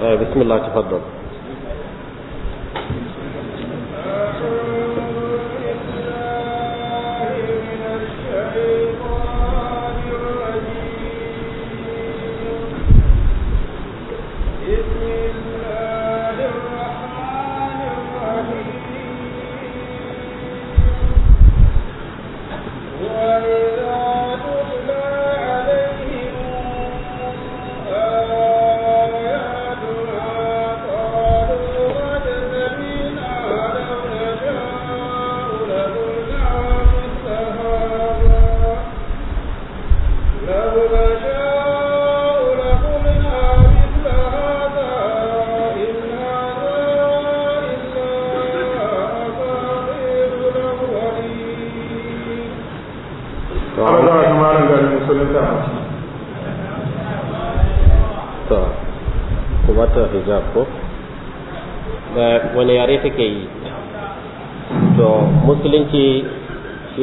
آه، بسم الله تفضل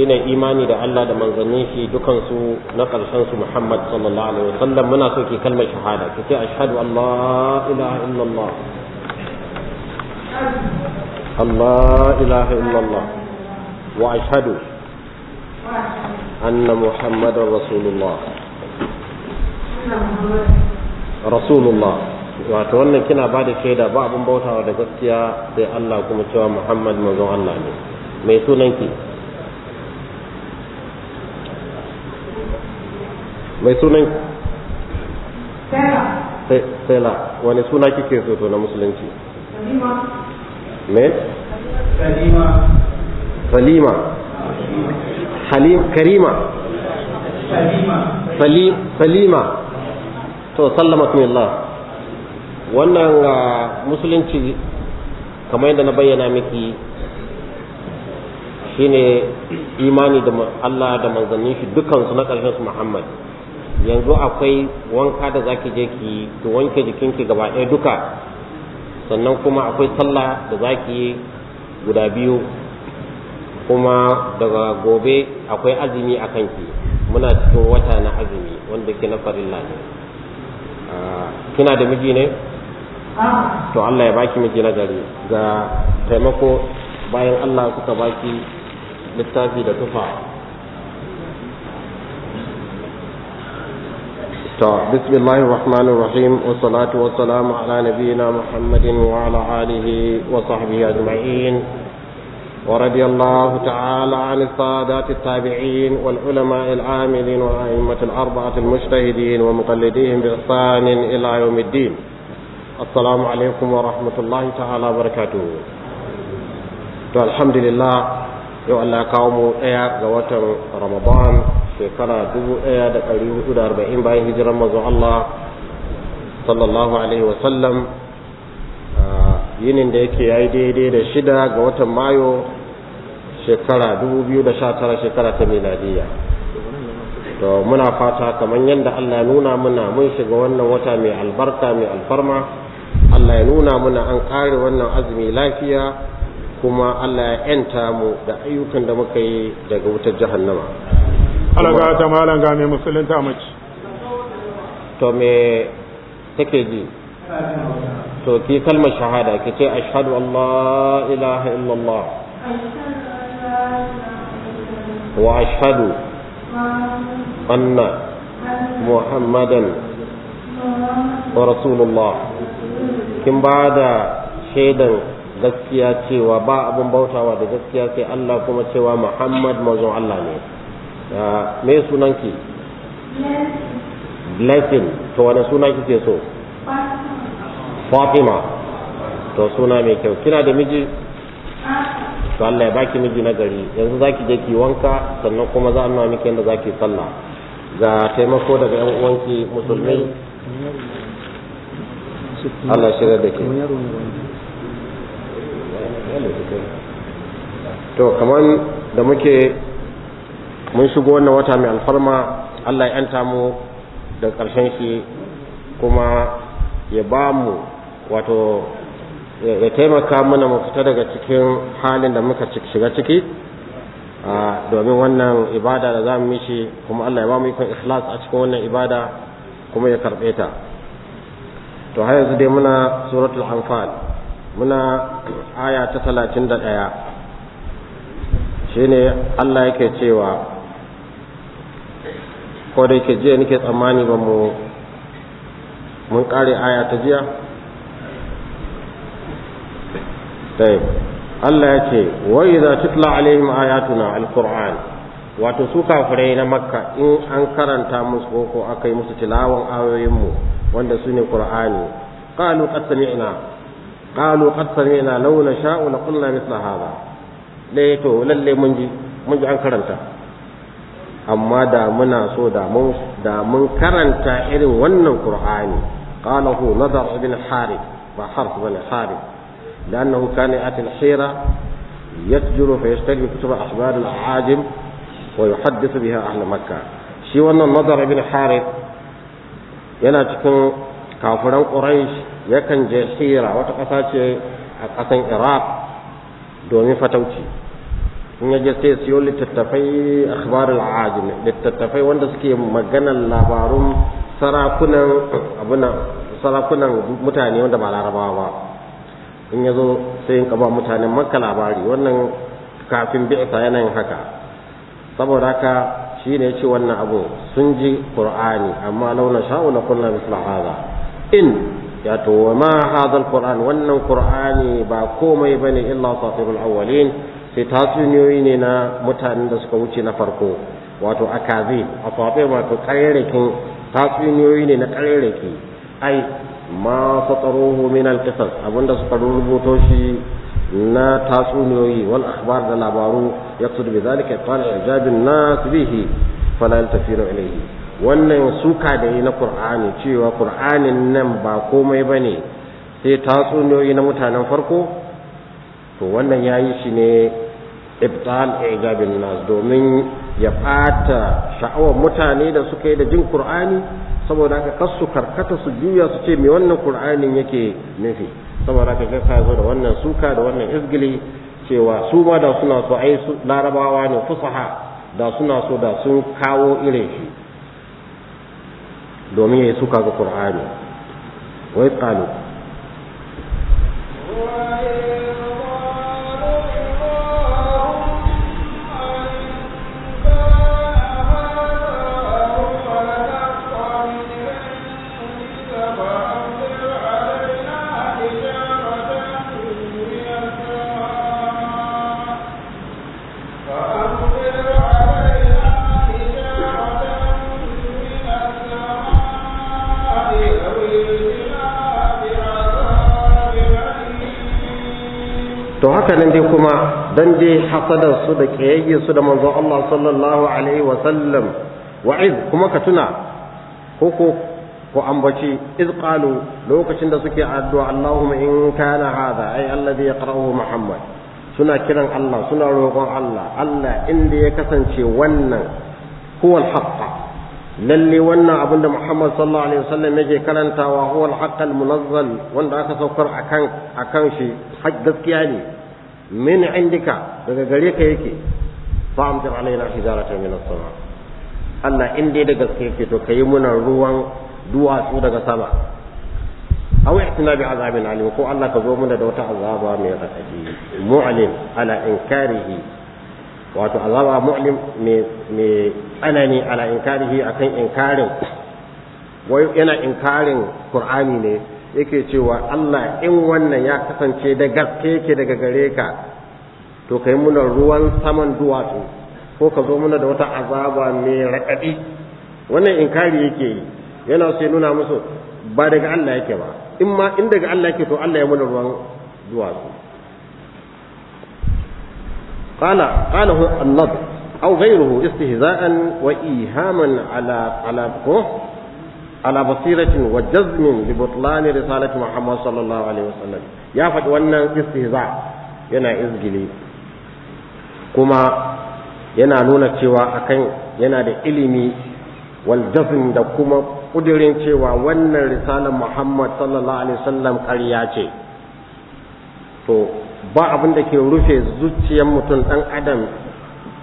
shine imani da Allah da manzannin shi dukansu na ƙarshen su Muhammad sallallahu alaihi wasallam muna so ki kalmar shahada ki ce ashhadu an la ilaha illallah Allah ilaha illallah wa ashhadu anna Muhammadar rasulullah rasulullah wato wannan kina ba da shaida ba abin bautawa da gaskiya sai Allah kuma cewa Muhammad manzon Allah ne mai sunanki mai sunan sela wani suna kike so to na musulunci me salima halim karima salima to sallama Allah wannan ah, musulunci kamar yadda na bayyana miki shine imani da Allah da manzannin shi dukansu na ƙarshen su Muhammad yanzu akwai wanka da zaki je ki ki wanke jikinki gaba ɗaya duka sannan kuma akwai sallah da zaki guda biyu kuma daga gobe akwai azumi a kanki muna cikin wata na azumi wanda ke na farilla ne ah, kina da miji ne to Allah ya baki miji na gari ga taimako bayan Allah kuka baki littafi da tufa بسم الله الرحمن الرحيم والصلاة والسلام على نبينا محمد وعلى آله وصحبه أجمعين ورضي الله تعالى عن السادات التابعين والعلماء العاملين وأئمة الأربعة المجتهدين ومقلديهم بإحسان إلى يوم الدين السلام عليكم ورحمة الله تعالى وبركاته الحمد لله يؤلى قوم إياك رمضان shekara dubu ɗaya da da arba'in bayan hijiran mazu Allah sallallahu alaihi wa sallam yinin da yake yayi daidai da shida ga watan mayo shekara dubu biyu da sha tara shekara ta miladiyya to muna fata kamar yadda Allah nuna muna mun shiga wannan wata mai albarka mai alfarma Allah ya nuna muna an kare wannan azumi lafiya kuma Allah ya yanta mu da ayyukan da muka yi daga wutar jahannama alaga ta malam ga mai musulun musulunta mace to me take ji to ki kalmar shahada ki ce ashhadu an la ilaha illallah wa ashhadu anna muhammadan wa rasulullah kin ba da shaidan gaskiya cewa ba abin bautawa da gaskiya sai Allah kuma cewa muhammad manzon Allah ne Ah, me sunanki blessing to wani suna kike so fatima to suna mai kyau kina da miji to Allah ya baki miji na gari yanzu zaki je ki wanka sannan kuma za a nuna miki yadda zaki sallah ga taimako daga yan uwanki musulmi Allah shirya da ke to kamar da muke mun shigo wannan wata mai alfarma Allah ya yanta mu da ƙarshen shi kuma ya ba mu wato ya taimaka mana mu fita daga cikin halin da muka shiga ciki domin wannan ibada da za mu mishi kuma Allah ya ba mu ikon ikhlas a cikin wannan ibada kuma ya karɓe ta to har yanzu dai muna suratul anfal muna aya ta talatin da ɗaya shine Allah yake cewa ko dai ke jiya nake tsammani ba mu mun kare aya ta jiya tayyib Allah ya ce wa idza tutla alaihim ayatuna alquran wato su kafirai na makka in an karanta musu ko ko aka yi musu tilawan ayoyin mu wanda su ne qur'ani qalu qad sami'na qalu qad sami'na law nasha'u laqulna mithla hadha dai to lalle mun ji mun ji an karanta amma da muna so da mun da mun karanta irin wannan qur'ani qala hu nadar ibn harith wa harf ibn harith لأنه كان يأتي الحيرة يتجر فيشتري كتب أخبار العاجم ويحدث بها أهل مكة shi wannan nazar ibn harith yana cikin kafiran quraish yakan je hira wata ƙasa ce a ƙasan iraq domin fatauci in ya je sai siyo littattafai akhbarul ajim littattafai wanda suke maganar labarun sarakunan abuna sarakunan mutane wanda ba larabawa ba in ya zo sai in kaba mutanen makka labari wannan kafin bi'sa yana yin haka saboda haka ne yace wannan abu sun ji qur'ani amma launa sha'u na kunna misla in ya to ma hadha wannan qur'ani ba komai bane illa safirul awwalin sai tatsuniyoyi ne na mutanen da suka wuce na farko wato akazi a kwafe wato ta tatsuniyoyi ne na ƙarerrake ai ma fataruhu homin alkisar abinda suka rubuto shi na tatsuniyoyi wal akhbar da labaru yaqsud bi zalika qala ijabin nas bihi fala yaltafiru ilayhi wannan suka da yi na kur'ani cewa qur'anin nan ba komai ba ne sai tatsuniyoyi na mutanen farko to wannan ya yi shi ne ibtal e i'jabin nas domin ya fata sha'awar mutane da suka yi da jin qur'ani saboda haka kasu karkata su juya su ce me wannan qur'anin yake nufi saboda haka ga ka zo da wannan suka da wannan izgili cewa su ma da suna so ai larabawa ne fusaha da suna so da sun kawo irin shi domin yayi suka ga qur'ani wai qalu to haka nan dai kuma dan dai hasadar su da kiyayye su da manzon Allah sallallahu alaihi wa sallam wa'iz kuma ka tuna ko ko ko ambaci iz qalu lokacin da suke addu'a Allahumma in kana hadha ay alladhi yaqra'uhu Muhammad suna kiran Allah suna roƙon Allah Allah inda ya kasance wannan huwal haqqa lalle wannan abin da Muhammad sallallahu alaihi wasallam yake karantawa huwal haqqal munazzal wanda aka saukar akan akan shi gaskiya ne min indika daga gare ka yake fa amtir alaina hijaratan min as-sama Allah in dai da gaske yake to kai muna ruwan duwatsu daga sama aw i'tina bi azabin alim ko Allah ka zo muna da wata azaba mai radadi mu'lim ala inkarihi wato azaba mu'lim mai tsanani ala inkarihi akan inkarin wai yana inkarin qur'ani ne yake cewa Allah in wannan ya kasance da gaske yake daga gare ka to kai muna ruwan saman duwatsu ko ka zo muna da wata azaba mai raɗaɗi wannan inkari yake yi yana sai nuna musu ba daga Allah yake ba in ma in daga Allah yake to Allah ya muna ruwan duwatsu قال قاله النضر أو غيره استهزاء وإيهاما على ko. ala basiratin wa jazmin li butlani risalati muhammad sallallahu alaihi wasallam ya faɗi wannan istihza yana izgili kuma yana nuna cewa akan yana da ilimi wal jazm da kuma kudirin cewa wannan risalar muhammad sallallahu alaihi wasallam ƙarya ce to ba abin da ke rufe zuciyar mutum ɗan adam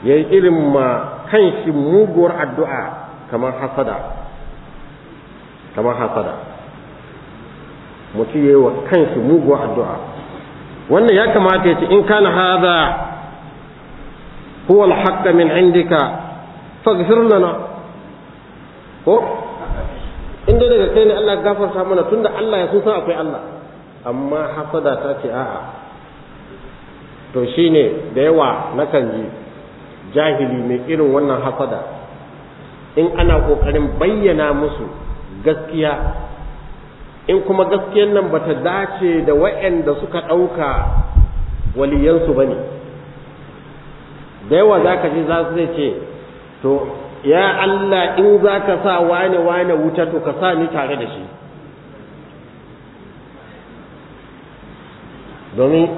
ya yi irin ma kanshi muguwar addu'a kamar hasada kamar hasada mutu yi wa kansu muguwa addu'a wannan ya kamata ya ce in kana hada huwa al min indika faghfir lana ko in daga kai ne Allah gafarta mana tunda Allah ya so san akwai Allah amma hasada ta ce a'a to shine da yawa nakan ji jahili mai irin wannan hasada in ana kokarin bayyana musu gaskiya in kuma gaskiyan nan bata dace da waɗanda suka ɗauka waliyansu ba ne da yawa za ka ji za su zai ce to ya Allah in za ka sa wane wane wuta to ka sa ni tare da shi domin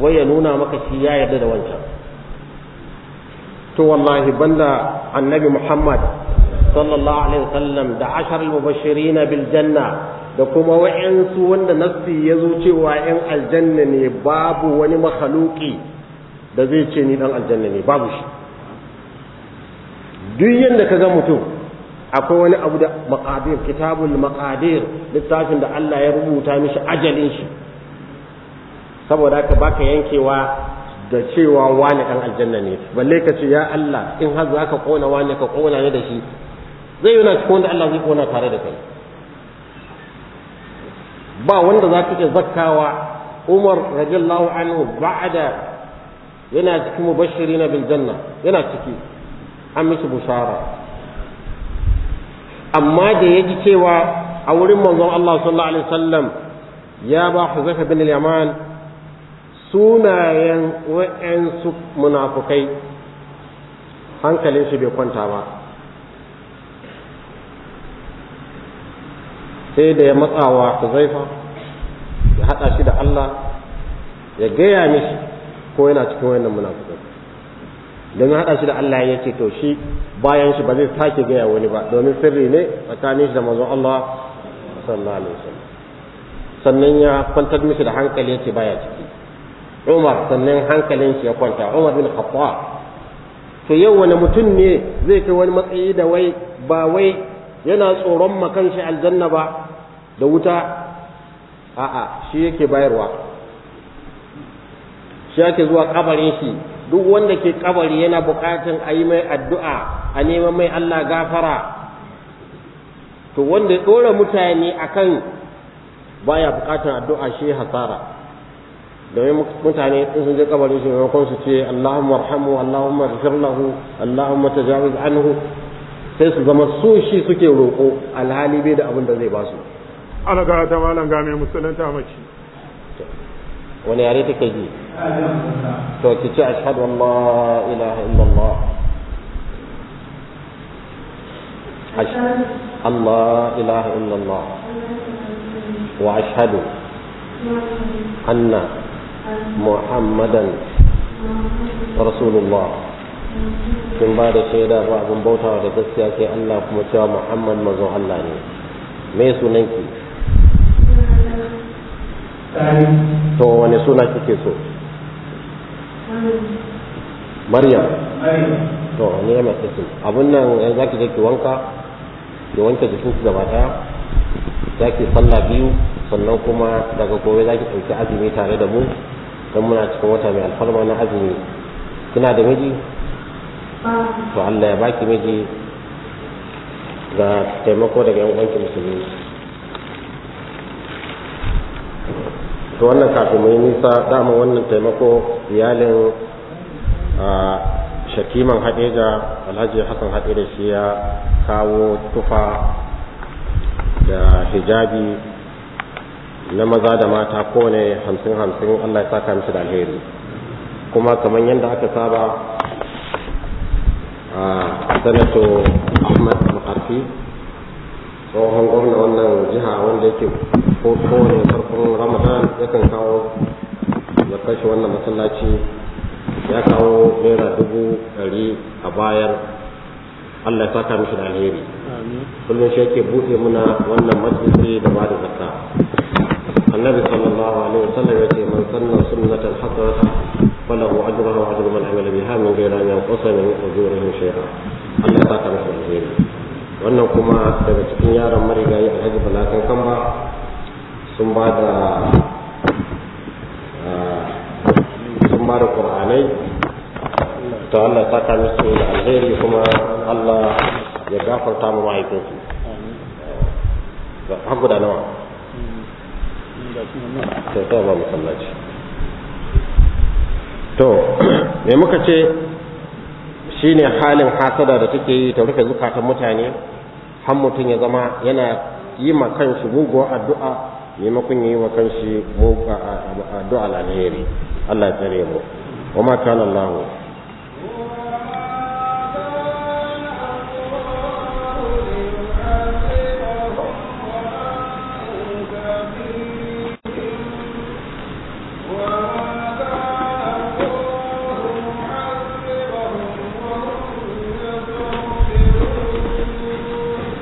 wai nuna maka shi ya yarda da wancan to wallahi banda annabi Muhammad sallallahu alaihi wasallam da ashar mubashirina bil janna da kuma wa'ansu wanda nassi ya zo cewa yan aljanna ne babu wani makhluki da zai ce ni dan aljanna ne babu shi duk yanda ga mutum akwai wani abu da maqadir kitabul maqadir littafin da Allah ya rubuta mishi ajalin shi saboda haka baka yankewa da cewa wani dan aljanna ne balle ka ce ya Allah in har za ka kona wani ka ƙona ne da shi zai yana cikin wanda Allah zai kona tare da kai ba wanda za ka iya zakkawa Umar radiyallahu anhu ba'ada yana cikin mubashirina na biljanna yana ciki an mishi bushara amma da ya ji cewa a wurin manzon Allah sallallahu alaihi wasallam ya ba Huzaifa bin al-Yaman sunayen wa'ansu munafukai hankalin shi bai kwanta ba sai da ya matsawa Huzaifa ya haɗa shi da Allah ya gaya mishi ko yana cikin wannan munafikai domin haɗa shi da Allah ya ce to shi bayan shi ba zai sake gaya wani ba domin sirri ne tsakanin shi da manzon Allah sallallahu alaihi wasallam sannan ya kwantar mishi da hankali ya ce baya ciki Umar sannan hankalin shi ya kwanta Umar bin Khattab to yau wani mutum ne zai kai wani matsayi da wai ba wai yana tsoron shi aljanna ba da wuta a'a shi yake bayarwa shi yake zuwa kabarin shi duk wanda ke kabari yana bukatun a yi mai addu'a a neman mai Allah gafara to wanda ya ɗora mutane akan baya bukatun addu'a shi hasara domin mutane in sun je kabarin shi maimakon su ce Allahumma arhamu Allahumma ghfir Allahumma tajawaz anhu sai su zama so shi suke roƙo alhali bai da abin da zai ba su ana ga ta malam ga mai musulunta mace wani yare take ji to ki ci ashhadu an la ilaha illallah Allah ilaha illallah wa ashhadu anna muhammadan rasulullah sun ba da shaida ba abin bautawa da gaskiya sai Allah kuma cewa Muhammad mazo Allah ne me sunan ki to wani suna kike so Maryam to ni ma kike abun nan yanzu eh, zaki je ki wanka ki wanke jikin ki gaba daya zaki sallah biyu sannan kuma daga gobe zaki ɗauki azumi tare da mu don muna cikin wata mai alfarma na azumi kina da miji to Allah ya baki miji ga taimako daga yan uwanki musulmi to wannan kafin mu yi nisa dama wannan taimako iyalin shakiman hadeja alhaji hassan hadeja shi ya kawo tufa da hijabi na maza da mata kowane hamsin hamsin allah ya saka mishi da alheri kuma kamar yadda aka saba sanato ahmad makarfi tsohon gwamna wannan jiha wanda yake kowane farkon ramadan yakan kawo ya kashe wannan masallaci ya kawo naira dubu ɗari a bayar allah ya saka mishi da alheri kullum shi yake buɗe muna wannan majalisi da ba da zakka annabi sallallahu alaihi wasallam ya ce man sannan sunnatar hasara فله أجرها وأجر من عمل بها من غير أن ينقص من شيئا wannan kuma daga cikin yaran marigayi alhaji balakan sun ba da sun ba da ƙur'anai Allah saka musu da alheri kuma Allah ya gafarta mu guda nawa to sai ba to me muka ce shine halin hasada da take yi ta rufe zukatan mutane har mutum ya zama yana yi ma kanshi muguwa addu'a maimakon ya yi wa kanshi addu'a alheri Allah ya tsare mu wa ma kana Allah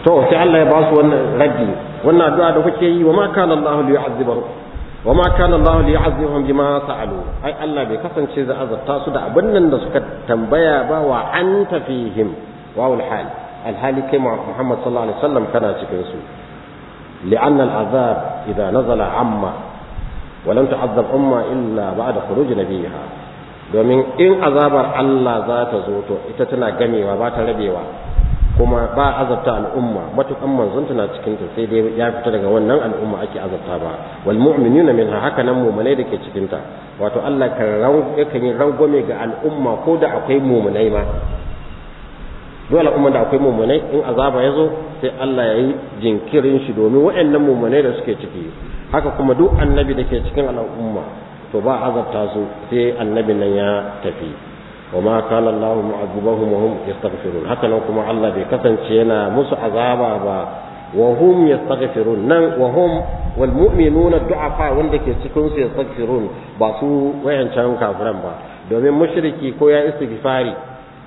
to sai Allah ya ba su wannan raddi wannan addu'a da kuke yi wa ma kana Allah li yu'azzibahum wa ma kana Allah li yu'azzibahum bima sa'alu ai Allah bai kasance za azabta su da abin nan da suka tambaya ba wa anta fihim wa al hal al hali kai Muhammad sallallahu alaihi wasallam kana cikin su li'anna al azab idza nazala amma wa lam illa ba da ba'da khuruj nabiha domin in azabar Allah za ta zo to ita tana gamewa ba ta rabewa kuma ba azabta al'umma matukan manzon na cikin ta sai dai ya fita daga wannan al'umma ake azabta ba wal mu'minuna minha haka nan mu'minai dake cikin ta wato Allah kan ran yakan yi rangwame ga al'umma ko da akwai mu'minai ma dole al'umma da akwai mu'minai in azaba ya zo sai Allah ya yi jinkirin shi domin waɗannan mu'minai da suke ciki haka kuma duk annabi dake cikin al'umma to ba azabta su sai annabi nan ya tafi وما كان الله معذبهم وهم يستغفرون هكذا كما الله بكسن شينا مس عذابا با وهم يستغفرون نن وهم والمؤمنون الضعفاء wanda ke cikin su yastaghfirun ba su wayancan kafiran ba domin mushriki ko ya istighfari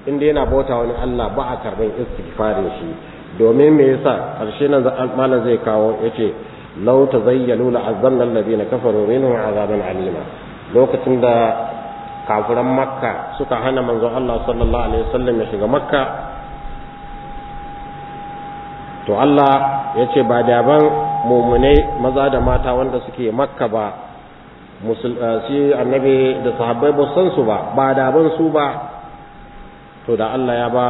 inda yana bauta wani Allah ba a karban istighfarin shi domin me yasa karshe nan malam zai kawo yace law tazayyalu la'azzalna alladhina kafaru minhum azaban alima lokacin da kafiran makka suka hana manzo Allah sallallahu alaihi wasallam ya shiga makka to Allah ya ce ba daban mumunai maza da mata wanda suke makka ba eh, shi annabi da sahabbai ba san su ba ba daban su ba to da Allah ya ba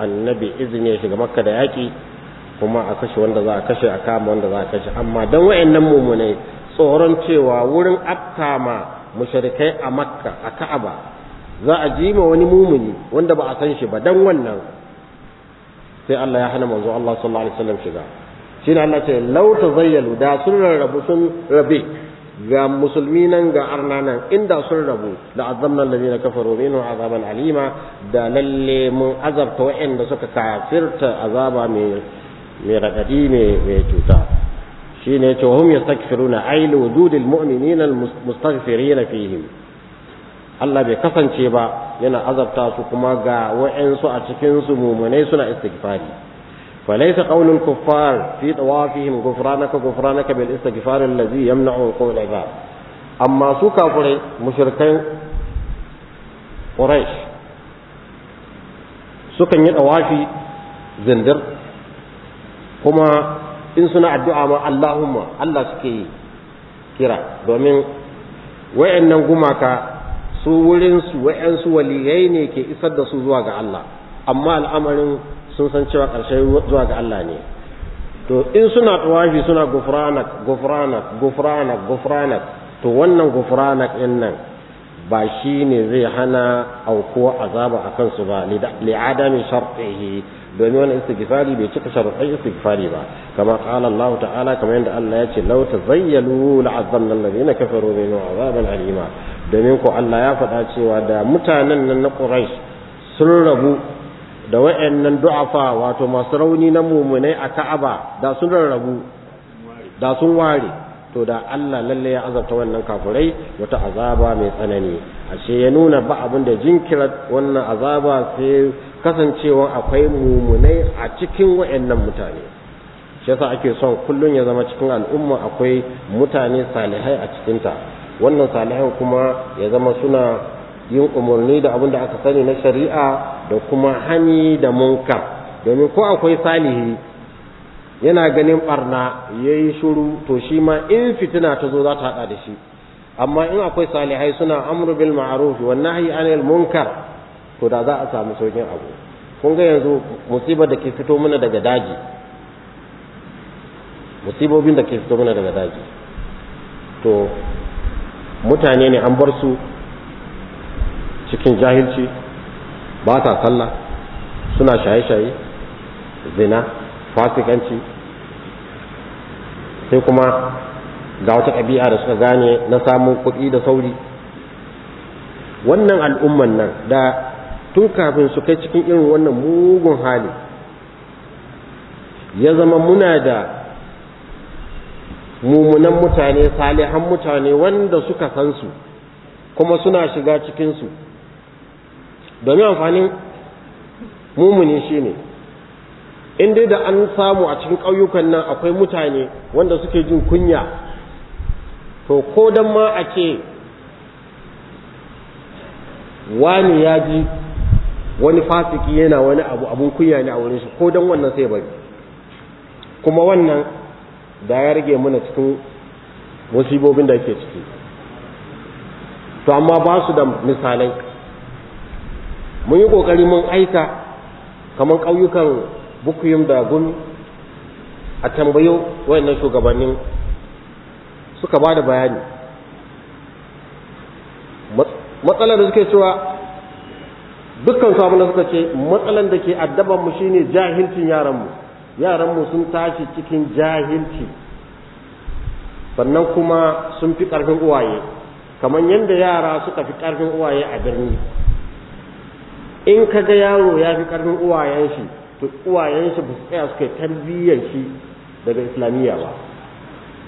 annabi izini ya shiga makka da yaƙi kuma a kashe wanda za a kashe a kama wanda za a kashe amma don wa'annan mumunai tsoron cewa wurin afkama mushrikai a makka a ka'aba za a ji ma wani mumuni wanda ba a san shi ba dan wannan sai Allah ya hana manzo Allah sallallahu alaihi wasallam shiga shine Allah ce law tazayyalu da sun rabu sun rabe ga musulmi nan ga arna nan inda sun rabu da azamna alladhina kafaru minhu azaban alima da lalle mun azabta wa'anda suka kafirta azaba mai mai radadi mai mai cuta shine yace hum yastaghfiruna ay li mu'minina almustaghfirina fihim Allah bai kasance ba yana azabta su kuma ga wa'ansu a cikin su mumunai suna istighfari falaysa qawlul kuffar fi tawafihim ghufranaka ghufranaka bil istighfar allazi yamna'u qawl ibad amma su kafirai mushrikan quraish sukan yi tawafi zindir kuma in suna addu'a ma Allahumma Allah suke kira domin wayannan gumaka su wurinsu wayansu waliyai ne ke isar da su zuwa ga Allah amma al'amarin sun san cewa ƙarshen zuwa ga Allah ne to in suna tawafi suna gufranak gufranak gufranak gufranak to wannan gufranak din nan ba shi ne zai hana aukuwa azaba a kansu ba li'adami shartihi domin wannan istighfari bai cika sharuɗan istighfari ba kama qala Allah ta'ala kamar yadda Allah ya ce law tazayyalu la'azzamna alladhina kafaru minhum azaban alima domin ko Allah ya faɗa cewa da mutanen nan na Quraysh sun rabu da wayannan du'afa wato masu rauni na mumunai a Ka'aba da sun rarrabu da sun ware to da Allah lalle ya azabta wannan kafurai wata azaba mai tsanani ashe ya nuna ba abin da jinkirar wannan azaba sai kasancewa akwai mumunai a cikin wayannan mutane shi yasa ake son kullum ya zama cikin al'umma akwai mutane salihai a cikinta wannan salihan kuma ya zama suna yin umarni da abin da aka sani na shari'a da kuma hani da munka domin ko akwai salihi yana ganin barna ya yi shuru to shi ma in fitina ta zo za ta haɗa da shi amma in akwai salihai suna amru bil ma'ruf wa nahyi anil munkar to da za a samu saukin abu kun ga yanzu musibar da ke fito mana daga daji musibobin da ke fito mana daga daji to mutane ne an bar su cikin jahilci ba ta sallah suna shaye-shaye zina fasikanci sai kuma ga wata ɗabi'a da suka gane na samun kuɗi da sauri wannan al'umman nan da tun kafin su kai cikin irin wannan mugun hali ya zama muna da mumunan mutane salihan mutane wanda suka san su kuma suna shiga cikinsu domin amfanin mumuni shi ne in dai da an samu a cikin ƙauyukan nan akwai mutane wanda suke jin kunya to ko don ma a ce wani ya ji wani fasiki yana wani abu abun kunya ne a wurin shi ko dan wannan sai bari kuma wannan da ya rage mana cikin musibobin da ke ciki to amma ba su da misalai mun yi kokari mun aika kamar ƙauyukan bukuyum da gumi a tambayo wayannan shugabannin suka ba da bayani matsalar da suke cewa dukkan su abinda suka ce matsalan da ke addaban mu shine jahilcin yaranmu yaranmu sun tashi cikin jahilci sannan kuma sun fi ƙarfin uwaye kamar yadda yara suka fi ƙarfin uwaye a birni in ka ga yaro ya fi ƙarfin uwayen shi to uwayen shi ba su tsaya suka tarbiyyar shi daga islamiyya ba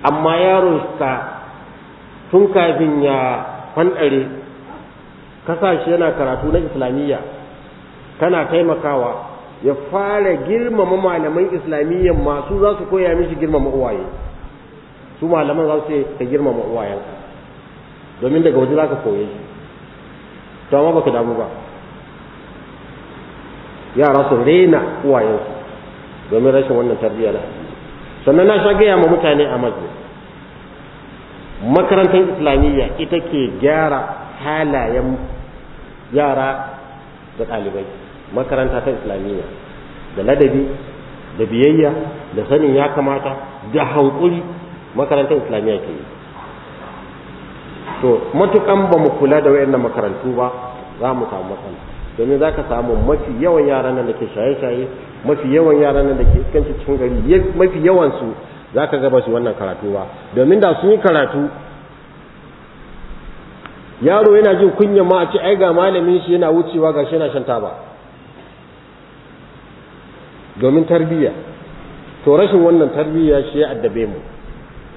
amma yaro ka tun kafin ya fanɗare ka sa shi yana karatu na islamiyya kana taimakawa ya fara girmama malaman islamiyya masu za su koya mishi girmama uwaye su malaman za su ce ka girmama uwayen domin daga waje za ka koye shi to amma baka damu ba yara su rena uwayensu domin rashin wannan tarbiyya na sannan na sha gaya ma mutane a mazi makarantar islamiyya ita ke gyara halayen yara da ɗalibai makaranta ta islamiyya da ladabi da biyayya da sanin ya kamata da hankuri makarantar islamiyya ke yi to matukan ba mu kula da wayannan makarantu ba za mu samu matsala domin za ka samu mafi yawan yaran nan da ke shaye-shaye mafi yawan yaran nan da ke iskanci cikin gari mafi yawansu za ka gaba su wannan karatu ba domin da sun yi karatu yaro yana jin kunyan ma a ce ai ga malamin shi yana wucewa ga shi yana shan taba domin tarbiyya to rashin wannan tarbiyya shi ya addabe mu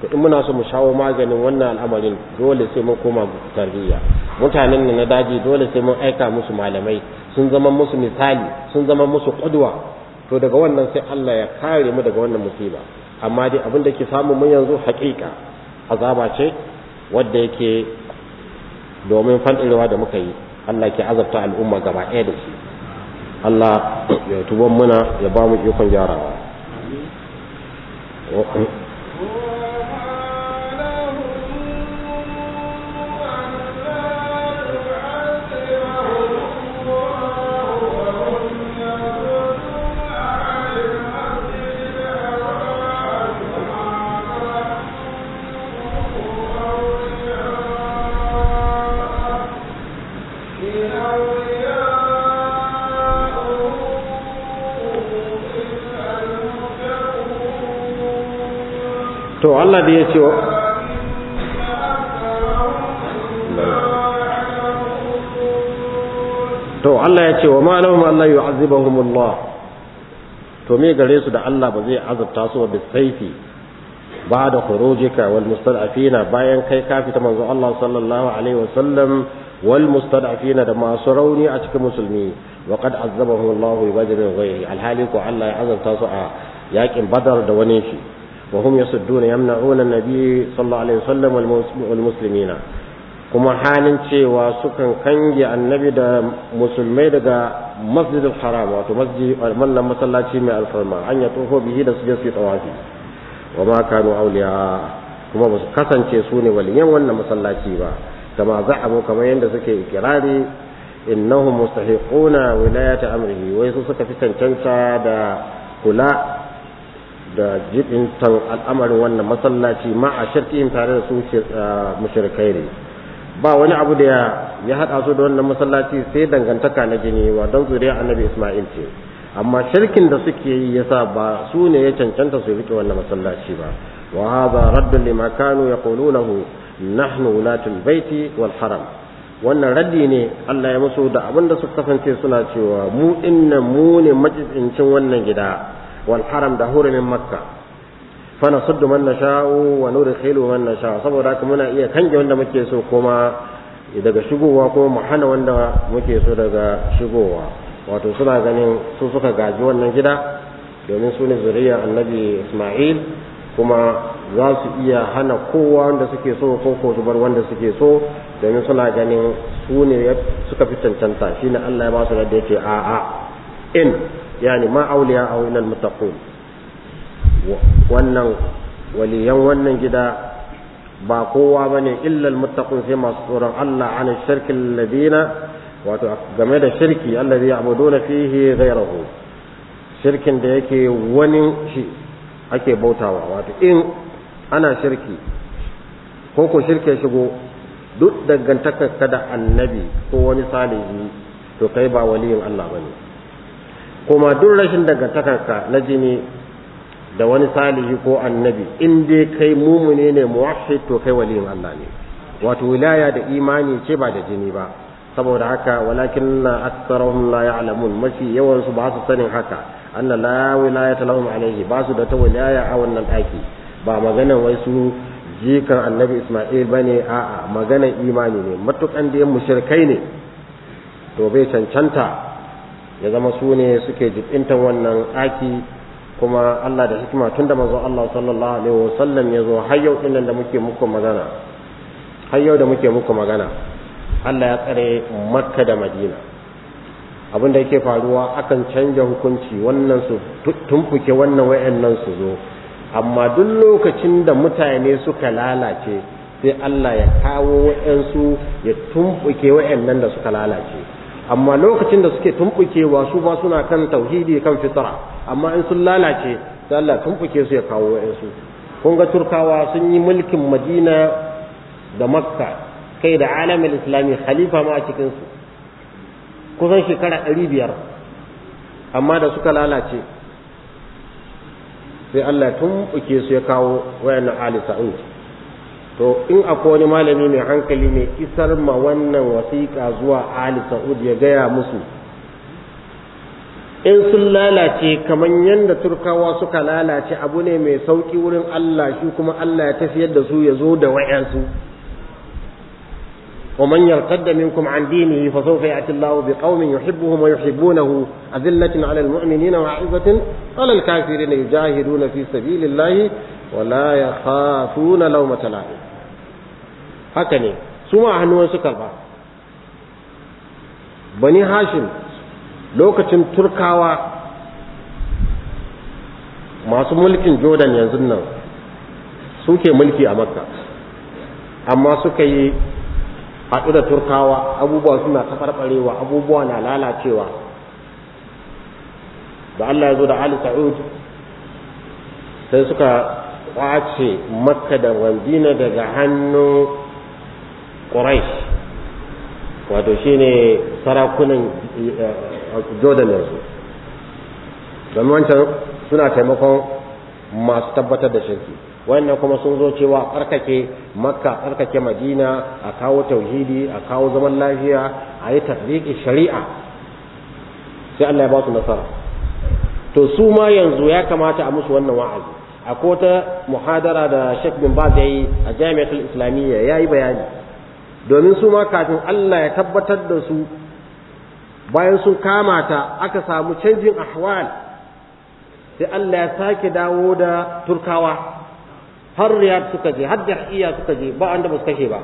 to in muna so mu shawo maganin wannan al'amarin dole sai mun koma tarbiyya mutanen ne na daji dole sai mun aika musu malamai sun zama musu misali sun zama musu kudwa to daga wannan sai Allah ya kare mu daga wannan musiba amma dai abin da ke samu mun yanzu haƙiƙa azaba ce wadda yake domin fanɗirewa da muka yi Allah ke azabta al'umma gaba ɗaya da su Allah ya tuban muna ya ba mu ikon gyarawa Allah da ya ce wa to Allah ya ce wa ma lahum Allah yu'azzibahum Allah to me gare su da Allah ba zai azabta su ba saifi ba da khurujika wal mustad'afina bayan kai ka fita manzo Allah sallallahu alaihi wal mustad'afina da masu rauni a cikin musulmi wa qad azabahum Allah bi badrin ghayri alhali Allah ya azabta su a yakin badar da wani shi وهم يصدون يمنعون النبي صلى الله عليه وسلم والمسلمين kuma halin cewa sukan kange annabi da musulmai daga masjidil haram wato wannan masallaci mai alfarma an ya toho bihi da su je su tawafi wa ma kanu awliya kuma ba su kasance su ne waliyan wannan masallaci ba kama za'amu kamar yadda suke ikirari innahum mustahiquna wilayata amrihi wai su suka fi cancanta da kula da jibintan al'amarin wannan masallaci ma a shirkin tare da su uh, mushrikai ne ba wani abu da ya haɗa su da wannan masallaci sai dangantaka na jini wa don zuriya annabi isma'il ce amma shirkin da suke yi yasa ba su ne ya cancanta su rike wannan masallaci ba wa hadha raddun lima kanu yaqulunahu nahnu ulatul baiti wal haram wannan raddi ne Allah ya musu da abin da suka kasance suna cewa mu inna mu ne majisincin wannan gida wal haram da hurumin makka fa nasuddu man nasha'u wa saboda haka muna iya kange wanda muke so kuma daga shigowa kuma mu hana wanda muke so daga shigowa wato suna ganin su suka gaji wannan gida domin su ne zuriya annabi isma'il kuma za su iya hana kowa wanda suke so ko ko zubar wanda suke so domin suna ganin su ne suka fi cancanta shine Allah ya ba su da yake a'a in yani ma auliya au ilal muttaqun wannan waliyan wannan gida ba kowa bane illal muttaqun sai masu tsoron Allah an shirki ladina wato game da shirki allazi ya'buduna fihi ghayrahu shirkin da yake wani shi ake bautawa wato in ana shirki ko ko shirke shigo duk ka da annabi ko wani salihi to kai ba waliyin Allah bane kuma duk rashin dangantakarka na jini da wani salihi ko annabi in dai kai mumune ne muwahhid to kai waliyin Allah ne wato wilaya da imani ce ba da jini ba saboda haka walakin aktsaruhum la ya'lamun mafi yawan su ba su sanin haka anna la wilayata lahum alayhi ba su da ta wilaya a wannan daki ba maganan wai su jikan annabi Isma'il bane a'a maganar imani ne matukan da mushrikai ne to bai cancanta ya zama su ne suke jibintan wannan aki kuma Allah da hikima tunda manzo Allah sallallahu alaihi wasallam ya zo har yau din da muke muku magana har yau da muke muku magana Allah ya tsare Makka da Madina abin da yake faruwa akan canja hukunci wannan su tumfuke wannan wayannan su zo amma duk lokacin da mutane suka lalace sai Allah ya kawo wayansu ya tumfuke wayannan da suka lalace amma lokacin da suke tumbukewa su ba suna kan tauhidi kan fitara amma in sun lalace sai Allah tumbuke su ya kawo wa'insu. kun ga turkawa sun yi mulkin madina da makka kai da alamin islami khalifa ma a cikinsu kusan shekara ɗari biyar amma da suka lalace sai Allah tumbuke su ya kawo wayannan ali to in akwai wani malami mai hankali mai isar ma wannan wasiƙa zuwa ali sa'ud ya gaya musu in sun lalace kamar yadda turkawa suka lalace abu ne mai sauƙi wurin allah shi kuma allah ya tafiyar da su ya zo da wa'yansu ومن يرتد منكم عن دينه فسوف يأتي الله بقوم يحبهم ويحبونه أذلة على المؤمنين وعزة على الكافرين يجاهدون في سبيل الله ولا يخافون لومة لائم haka ne su ma hannuwan su karba bani hashim lokacin turkawa masu mulkin jordan yanzu nan suke mulki a makka amma suka yi haɗu da turkawa abubuwa suna tafarɓarewa abubuwa na lalacewa da allah ya zo da ali sa'ud sai suka kwace makka da wandina daga hannun Quraysh wato shine sarakunan eh, jordan yanzu don wancan suna taimakon masu tabbatar da shirki wannan kuma sun zo cewa tsarkake makka tsarkake madina a kawo tauhidi a kawo zaman lafiya a yi tarbiki shari'a sai Allah ya ba su nasara to su ma yanzu ya kamata a musu wannan wa'azi akwai wata muhadara da Sheikh bin Baz yayi a Jami'atul Islamiyya yayi bayani domin su ma kafin Allah ya tabbatar da su bayan sun kama ta aka samu canjin ahwal sai Allah ya sake dawo da turkawa har riyad suka je har dahiya suka je ba an da ba su kashe ba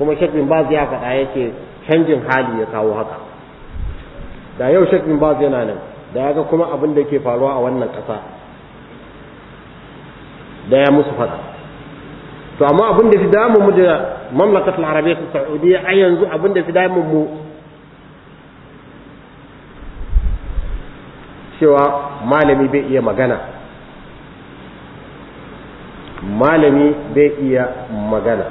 kuma Sheikh ba ya faɗa yake canjin hali ya kawo haka da yau Sheikh ba zai yana nan da ya ga kuma abin da ke faruwa a wannan ƙasa da ya musu faɗa to amma abin da fi damu mu da mamlakatul arabiyyah saudiya a yanzu abin da fi damu mu cewa malami bai iya magana malami bai iya magana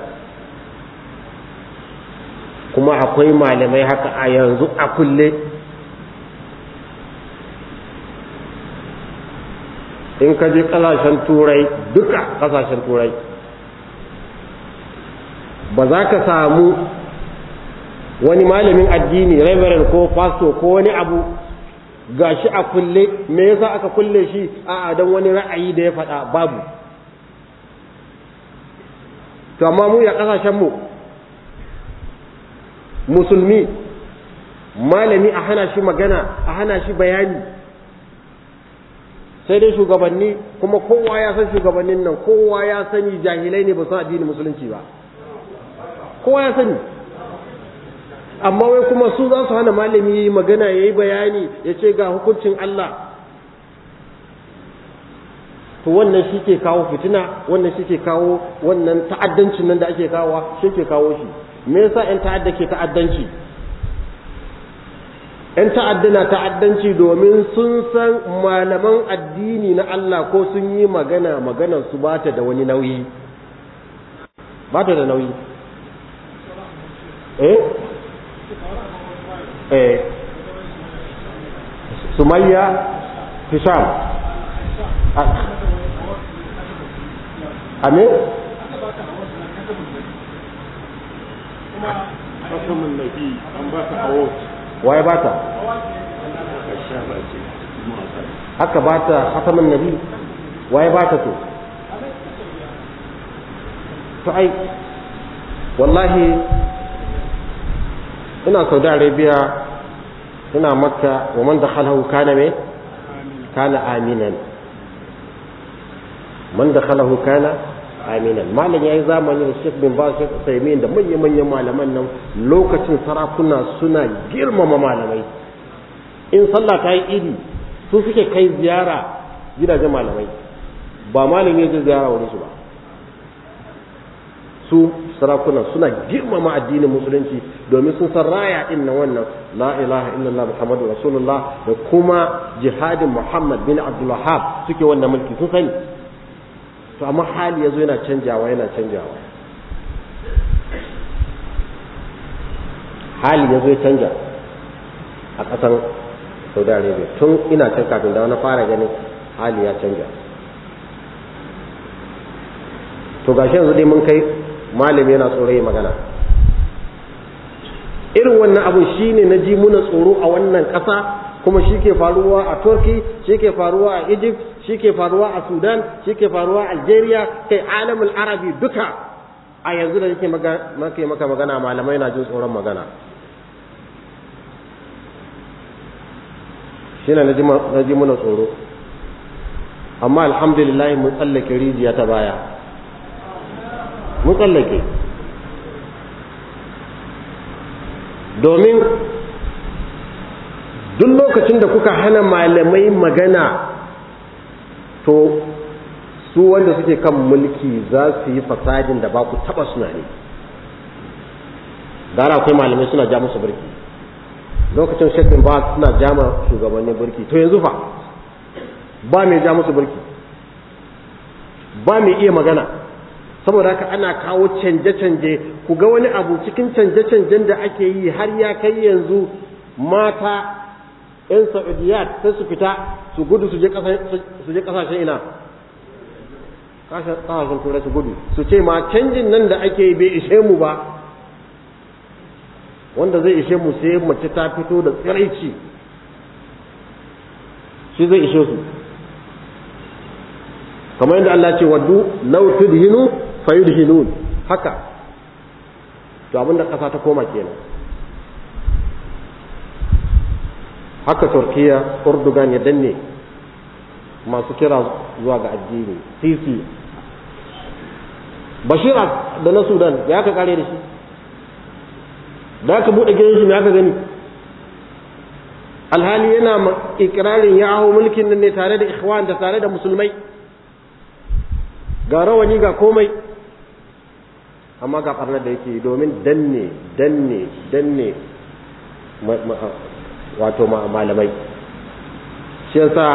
kuma akwai malamai haka a yanzu a kulle in ka je kasashen turai duka kasashen turai ba za ka samu wani malamin addini reverend ko pastor ko wani abu ga shi a kulle me yasa aka kulle shi a don wani ra'ayi da ya faɗa babu to amma mu ya kasashen mu musulmi malami a hana shi magana a hana shi bayani sai dai shugabanni kuma kowa ya san shugabannin nan kowa ya sani jahilai ne ba su addini musulunci ba kowa ya sani amma wai kuma su za su hana malami yi magana ya yi bayani ya ce ga hukuncin Allah to wannan shi ke kawo fitina wannan shi ke kawo wannan ta'addancin nan da ake kawo shi ke kawo shi me yasa 'yan ta'adda ke ta'addanci 'yan ta'adda na ta'addanci domin sun san malaman addini na Allah ko sun yi magana maganar su bata da wani nauyi bata da nauyi eh eh Sumaya Hisam a ah. waye bata haka bata hataman nabi waye bata to to ai wallahi ina saudi arabia ina makka wa man dakhalahu kana me kana aminan man dakhalahu kana aminan malam yayi zamani da bin bashir Sheikh Uthaymeen da manyan manyan malaman nan lokacin sarakuna suna girmama malamai in sallah ta yi idi su suke kai ziyara gidajen malamai ba malam ya ziyara wani su ba su sarakuna suna girmama addinin musulunci domin sun san raya din na wannan la ilaha illallah muhammadu rasulullah da kuma jihadin muhammad bin abdulwahab suke wannan mulki sun sani to amma hali yazo yana canjawa yana canjawa hali yazo ya canja a ƙasar saudi arabia tun ina can kafin da wani fara ganin hali ya canja to gashi yanzu dai mun kai malami yana tsoro ya magana irin wannan shi ne na ji muna tsoro a wannan ƙasa kuma shi ke faruwa a turki shi ke faruwa a egypt shi ke faruwa a sudan shi ke faruwa a algeria kai alamul arabi duka a yanzu da yake maka magana malamai na jin tsoron magana shi ne na ji muna tsoro amma alhamdulillah mun tsallake rijiya ta baya mutsallake domin duk lokacin da kuka hana malamai magana to su wanda suke kan mulki za su yi fasadin da ba ku taba suna ne gara akwai malamai suna ja musu birki lokacin shakin ba suna jama shugabannin birki to yanzu fa ba mai ja musu birki ba mai iya magana saboda haka ana kawo canje-canje ku ga wani abu cikin canje-canjen da ake yi har ya kai yanzu mata 'yan sa'udiyat sai su fita su gudu su je kasashen ina kasashen tura su gudu su ce ma canjin nan da ake yi bai ishe mu ba wanda zai ishe mu sai mace ta fito da tsiraici shi zai ishe su kamar yadda Allah ce waddu da tudhinu fayudhilun haka to abinda ƙasa ta koma kenan haka turkiya urdugan ya danne masu kira zuwa ga addini sisi bashir da na sudan ya ka kare da shi da aka buɗe gidan shi me aka gani alhali yana ikirarin ya hau mulkin nan ne tare da ikhwan da tare da musulmai ga rawani ga komai amma ga ɓarnar da yake domin danne danne danne wato malamai shi yasa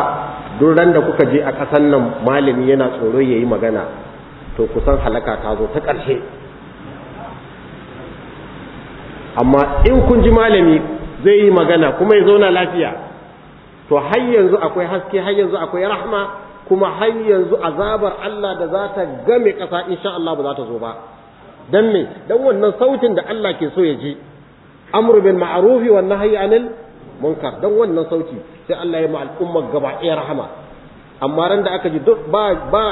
duk kuka je a ƙasan nan malami yana tsoro ya yi magana to kusan halaka ta zo ta ƙarshe amma in kun ji malami zai yi magana kuma ya zauna lafiya to har yanzu akwai haske har yanzu akwai rahma kuma har yanzu azabar Allah da za ta game ƙasa insha Allah ba za ta zo ba dan me dan wannan sautin da Allah ke so ya ji amru bil ma'ruf wa nahyi anil munkar dan wannan sauti sai Allah ya ma al'umma gaba ɗaya rahama amma ran da aka ji duk ba ba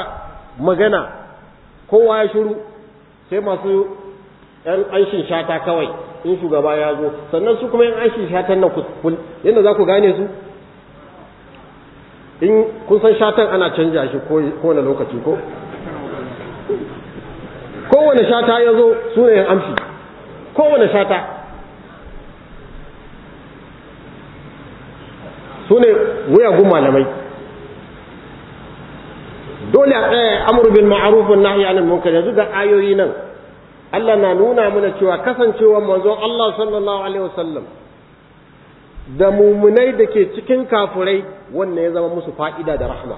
magana kowa ya shiru sai masu yan aishin shata kawai in shugaba ya zo sannan su kuma yan aishin shatan nan kuskul yadda za ku gane su in kun san shatan ana canja shi ko na lokaci ko kowane shata ya zo sunayen amshi kowane shata su ne wuyagun malamai dole a tsaye amurbin bin ma'arufin nahi anil munkar yanzu da ayoyi nan Allah na nuna mana cewa kasancewar manzon Allah sallallahu alaihi wasallam da mumunai da ke cikin kafurai wannan ya zama musu fa'ida da rahama.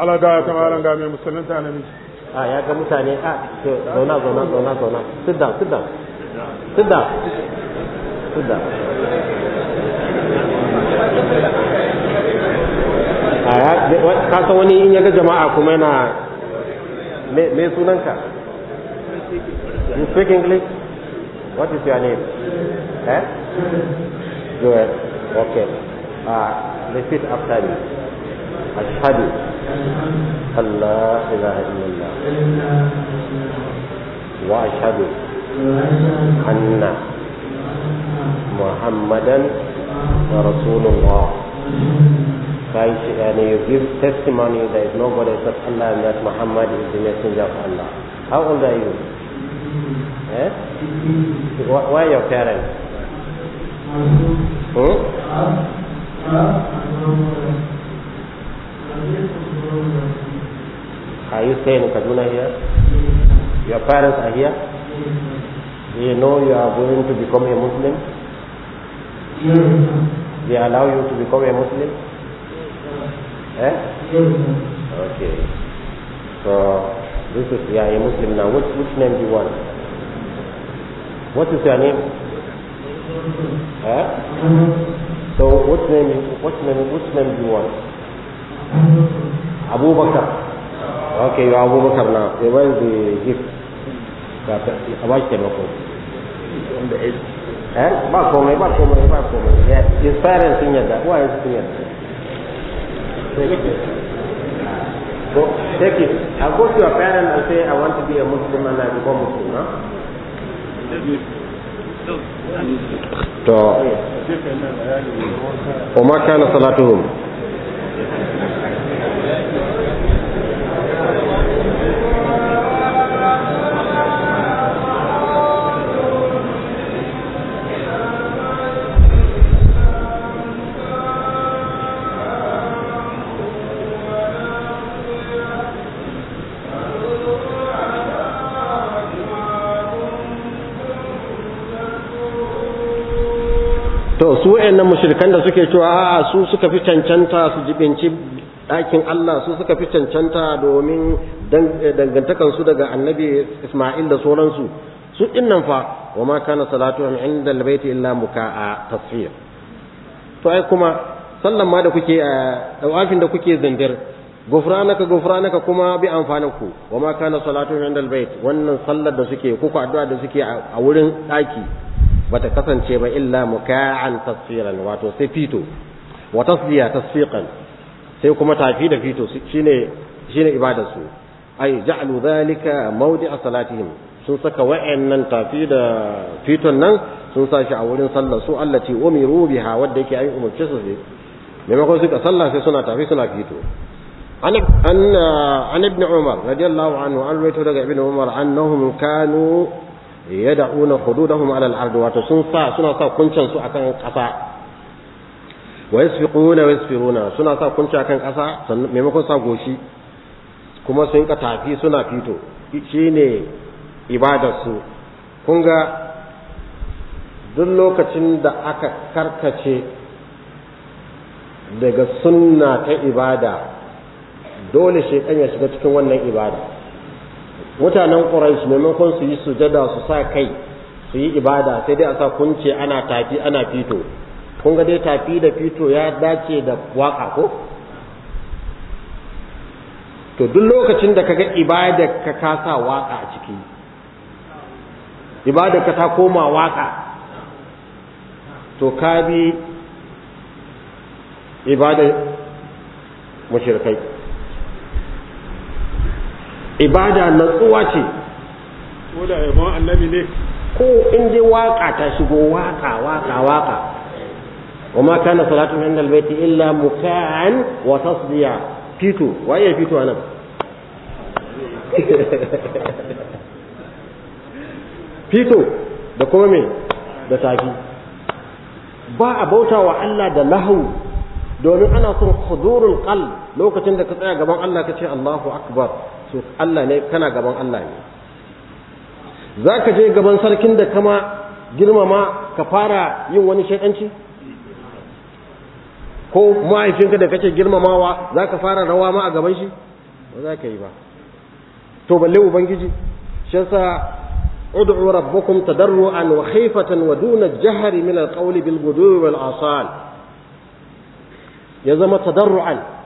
ala ga ya kama ranga mai musulunta na miji a ah, ya ga mutane a ah, ke zauna zauna zauna zauna Sidda sidda. Sidda. Sidda. a ah, ya ka san wani in yaga jama'a kuma yana me sunanka you speak english what is your name eh joel okay uh, repeat after me ashhadu أن لا إله إلا الله وأشهد أن محمدا رسول الله Christ and you give testimony there is nobody except Allah and that Muhammad is the messenger of Allah. How old are you? Eh? Why your parents? Hmm? Are you staying in Kaduna here? Your parents are here? Do you know you are going to become a Muslim? They allow you to become a Muslim? Eh? Okay. So, this is, you a Muslim now. Which, which name do you want? What is your name? Eh? So, what name, what name, which name do you want? abubakar ok yi abubakar na the one the gift a ba shi taimako eh ba komai ba komai ba komai ya his parents sun yadda uwaye sun yadda go take it I'll go to your parents and say I want to be a Muslim and I become Muslim huh? to وما كان صلاتهم su wayannan mushrikan da suke cewa a'a su suka fi cancanta su jibinci ɗakin Allah su suka fi cancanta domin eh, su daga annabi Ismail da sauransu su dinnan fa wa ma kana salatuhum inda albayti illa muka'a tasfir to ai kuma sallan ma da kuke dawafin eh, da kuke zindir gufranaka gufranaka kuma bi amfanaku wa ma kana salatu inda albayt wannan sallar da suke kuka addu'a da suke a wurin ɗaki bata kasance ba illa muka'an tasfiran wato sai fito wa tasdiya tasfiqan sai kuma tafi da fito shine shine ibadar su ai ja'alu dhalika mawdi'a salatihim sun saka wa'annan tafi da fiton nan sun sa shi a wurin sallar su allati umiru biha wanda yake ayi umurce su ne maimakon suka sallah sai suna tafi suna fito an an ibn umar radiyallahu anhu an rawaito daga ibn umar annahum kanu yad'una khududahum ala al-ard wato sun sa suna sa kuncin su akan kasa wa yasfiquna wa yasfiruna suna sa kunci akan kasa sannan maimakon sa goshi kuma sun ka tafi suna fito shine ibadar su kun ga duk lokacin da aka karkace daga sunna ta ibada dole shekan ya shiga cikin wannan ibada mutanen quraish maimakon su yi sujada su sa kai su yi ibada sai dai a sa kunce ana tafi ana fito kun ga dai tafi da fito ya dace da waka ko to duk lokacin da kaga ibada ka ka sa waka a ciki ibada ka ta koma waka to ka bi ibadar mushrikai ibada natsuwa ce ko da annabi ne ko in dai waka ta shigo waka waka waka wa ma kana salatu min albayti illa mukaan wa tasdiya fito waye fito anan fito da kuma me da tafi ba a bauta wa Allah da lahu domin ana son hudurul qalb lokacin da ka tsaya gaban Allah kace Allahu akbar to Allah ne kana gaban Allah ne za ka je gaban sarkin da kama girmama ka fara yin wani shaidanci ko mahaifinka da kake girmamawa za ka fara rawa ma a gaban shi ba za ka yi ba to balle ubangiji shi yasa ud'u rabbukum tadarruan wa khifatan wa duna jahri min al-qawli bil ghudwi wal asal ya zama tadarruan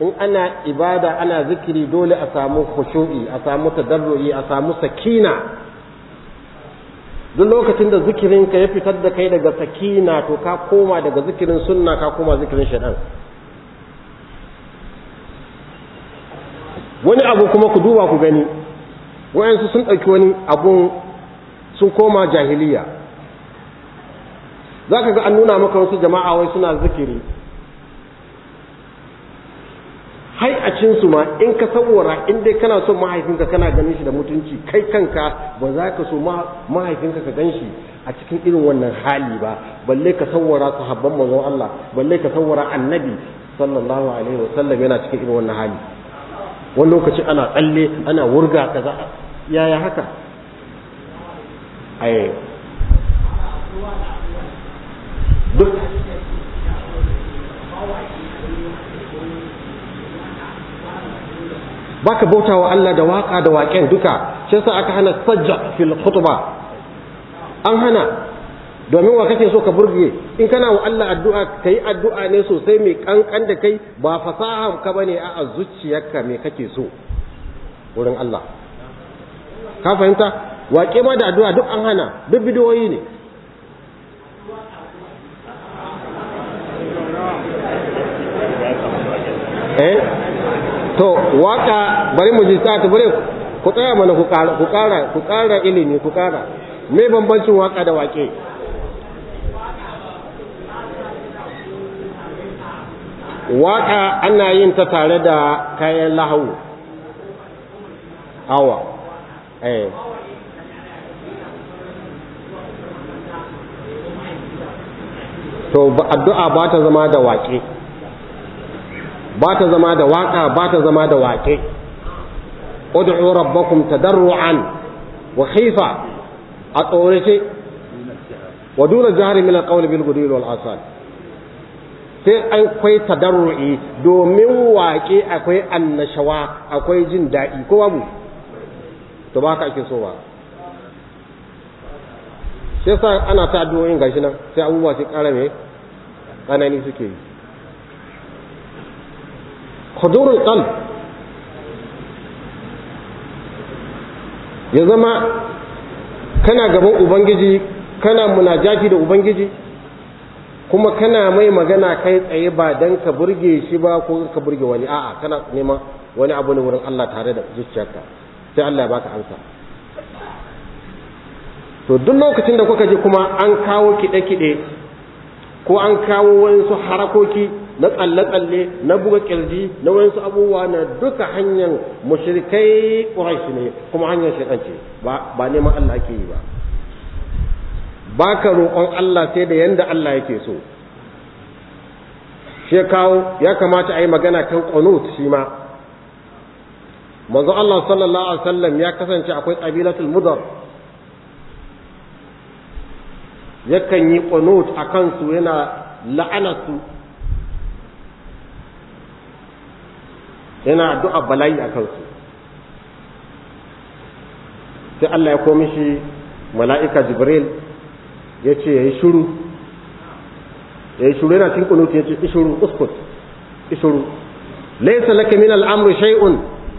in ana ibada ana zikiri dole a samu khushu'i a samu tadarru'i a samu sakina duk lokacin da zikirin ka ya fitar da kai daga sakina to ka koma daga zikirin sunna ka koma zikirin shaɗan wani abu kuma ku duba ku gani wayansu sun ɗauki wani abu sun koma jahiliya za ka ga an nuna maka wasu jama'a wai suna zikiri hai a cin su ma in ka saboda in dai kana son mahaifinka kana ganin shi da mutunci kai kanka ba za ka so mahaifinka ka gan shi a cikin irin wannan hali ba balle ka saboda habban manzon Allah balle ka saboda annabi sallallahu alaihi wasallam yana cikin irin wannan hali wani lokaci ana tsalle ana wurga kaza yaya haka ai duk baka bauta wa Allah da waka da waken duka shi yasa aka hana sajja fil khutba an hana domin wa kake so ka burge in kana wa Allah addu'a kai addu'a ne sosai mai kankan da kai ba fasahar ka bane a azuciyarka me kake so wurin Allah ka fahimta waƙe ma da addu'a duk an hana duk bidiyoyi ne eh to waka bari mu ji sa'atu bari ku tsaya mana ku kara ku kara ku kara ilimi ku kara me bambancin waka da wake waka ana yin ta tare da kayan lahawu awa eh to addu'a ba ta zama da waƙe ba ta zama da waka ba ta zama da wake ud'u rabbakum tadarruan wa khifa a tsorace wa duna jihar min alqawl bil gudu wal asal sai an akwai tadarru'i domin waƙe akwai annashawa akwai jin daɗi ko babu to ba ka ake so ba sai sa ana ta addu'o'in gashi nan sai abubuwa sai ƙara me suke yi حضور القلب ya zama kana gaban ubangiji kana munajati da ubangiji kuma kana mai magana kai tsaye ba dan ka burge shi ba ko ka burge wani a'a kana nema wani abu ne wurin Allah tare da zuciyarka sai Allah ya baka amsa to duk lokacin da kuka ji kuma an kawo kide-kide ko an kawo wasu harakoki na tsalle-tsalle na buga kirji na wayansu abubuwa na duka hanyar mushrikai quraish ne kuma hanyar shaitan ce ba neman Allah ke yi ba baka roƙon Allah sai da yanda Allah yake so Shekau ya kamata a yi magana kan qunut shi ma manzo Allah sallallahu alaihi wasallam ya kasance akwai qabilatul mudar yakan yi qunut akan su yana la'ana su. yana addu'a balayi a kansu sai Allah ya komi shi mala'ika jibril ya ce ya yi shuru ya yi shuru yana cikin kunuti ya ce ishuru uskut ishuru laisa laka min al'amru shay'un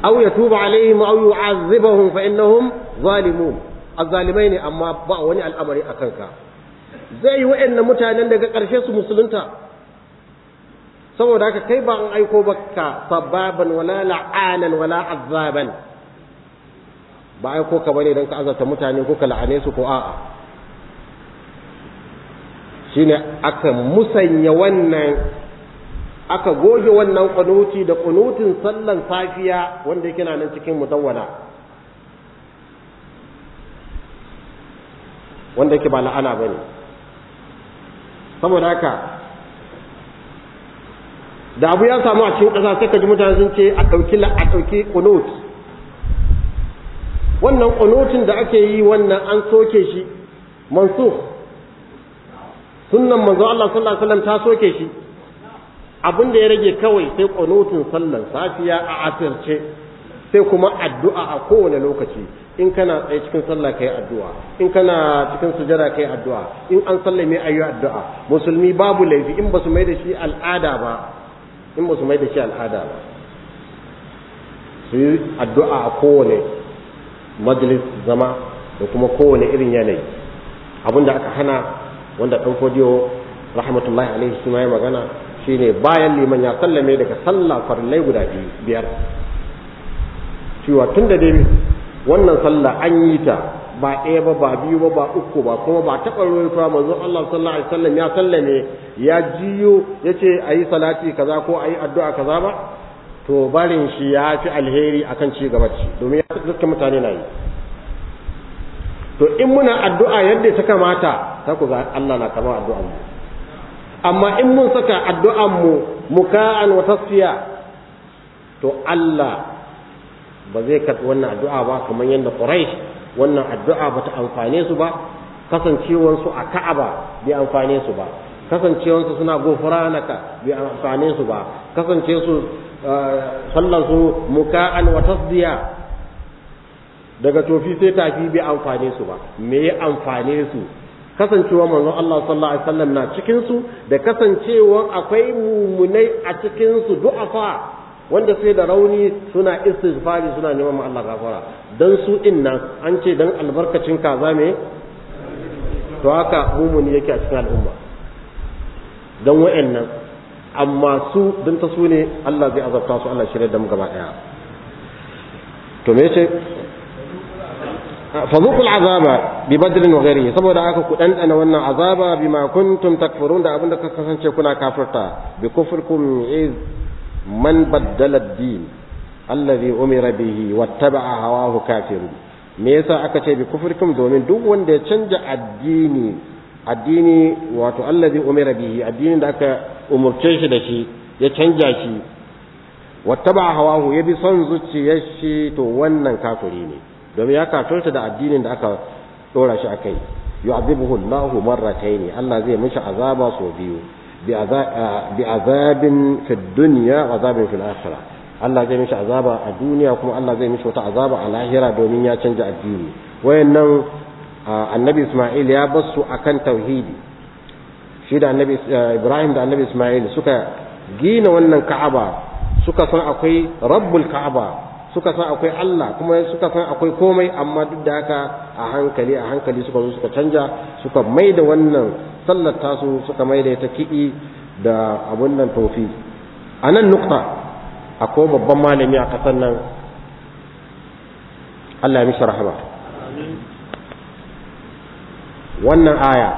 aw yatuba alaihim aw yu'azzibahum fa innahum zalimun azzalimai ne amma ba wani al'amari a kanka zai yi wa'annan mutanen daga ƙarshe su musulunta saboda haka kai ba an aiko baka sababan wala la'anan wala azaban ba aiko ka bane dan ka azabta mutane ko ka la'ane su ko a'a shine aka musanya wannan aka goge wannan kunuti da kunutin sallan safiya wanda yake nan cikin mutawala, wanda yake ba la'ana bane saboda haka da abu ya samu a cikin ƙasa sai ka ji mutane sun ce a ɗauki a ɗauki kunut wannan kunutin da ake yi wannan an soke shi mansukh sunnan manzo Allah sallallahu alaihi wasallam ta soke shi abin da ya rage kawai sai kunutin sallan safiya a asirce sai kuma addu'a a kowane lokaci in kana tsaye cikin sallah kai addu'a in kana cikin sujada kai addu'a in an sallame ayyu addu'a musulmi babu laifi in basu mai da shi al'ada ba in ba su mai da shi al'ada ba su yi addu'a a kowane majalis zama da kuma kowane irin yanayi abinda aka hana wanda ɗan kodiyo rahmatullahi alaihi shi ma ya magana shine bayan liman ya sallame daga sallah farillai guda biyar cewa tun da dai wannan sallah an yi ta ba ɗaya ba ba biyu ba ba uku ba kuma ba taɓa ruwaitowa manzon Allah sallallahu alaihi wasallam ya sallame ya jiyo yace ayi salati kaza ko a yi addu'a kaza ba to barin shi ya fi alheri akan ci gaba ci domin ya duka mutane na yi to in muna addu'a yadda ta kamata ta ku ga Allah na kama addu'an mu amma in mun saka addu'an mu muka'an wa tasfiya to Allah ba zai karɓi wannan addu'a ba kamar yadda Quraysh wannan addu'a bata amfane su ba kasancewansu a ka'aba bai amfane su ba kasancewansu suna ka bai amfane su ba kasance su uh, sallan su muka'an wa tasdiya daga tofi sai tafi bai amfane su ba me ya amfane su kasancewar manzon Allah sallallahu alaihi wasallam na cikin su da kasancewar akwai mumunai a cikin su du'afa wanda sai da rauni suna istighfari suna neman Allah gafara dan su inna nan an ce dan albarkacin kaza me to haka mumuni yake a cikin al'umma dan wa'annan amma su dan ta su ne Allah zai azabta su Allah shirye da mu gaba daya to me yace bi العذاب wa وغيره saboda haka ku dana wannan azaba bima kuntum takfurun da abinda kuka kasance kuna kafirta bi kufrikum iz man baddala ad-din allazi umira bihi wattaba'a hawahu kafirun me yasa aka ce bi kufrikum domin duk wanda ya canja addini addini wato allazi umira bihi addinin da aka umurce shi da shi ya canja shi wattaba'a hawahu ya bi son zuciyar shi to wannan kafiri ne domin ya kafirta da addinin da aka dora shi akai yu'adhibuhu Allahu ne Allah zai mishi azaba so biyu bi azabin fid dunya wa azabin fil akhirah Allah zai mishi azaba a duniya kuma Allah zai mishi wata azaba a lahira domin ya canja addini wayannan annabi Isma'il ya basu akan tauhidi shi da annabi eh, Ibrahim da annabi Isma'il suka gina wannan Ka'aba suka san akwai Rabbul Ka'aba suka san akwai Allah kuma suka san akwai komai amma duk da haka a hankali a hankali suka zo suka canja suka maida wannan sallar tasu suka maida ta kiɗi da abun nan tofi a nan nukta akwai babban malami a ƙasar nan Allah ya mishi rahama wannan aya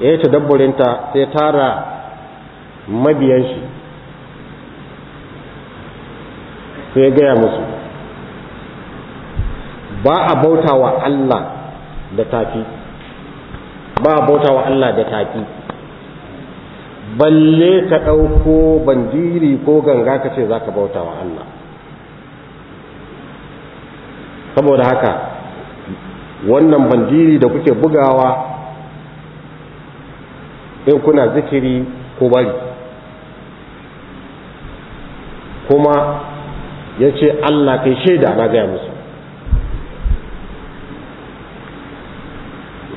ya yi tadabburinta sai tara mabiyan shi sai gaya musu ba a bauta wa Allah da tafi ba a bauta wa Allah da tafi balle ka ɗauko bandiri ko ganga ka ce za ka bauta wa Allah saboda haka wannan bandiri da kuke bugawa in kuna zikiri ko bari kuma ya ce Allah kai shaida na gaya musu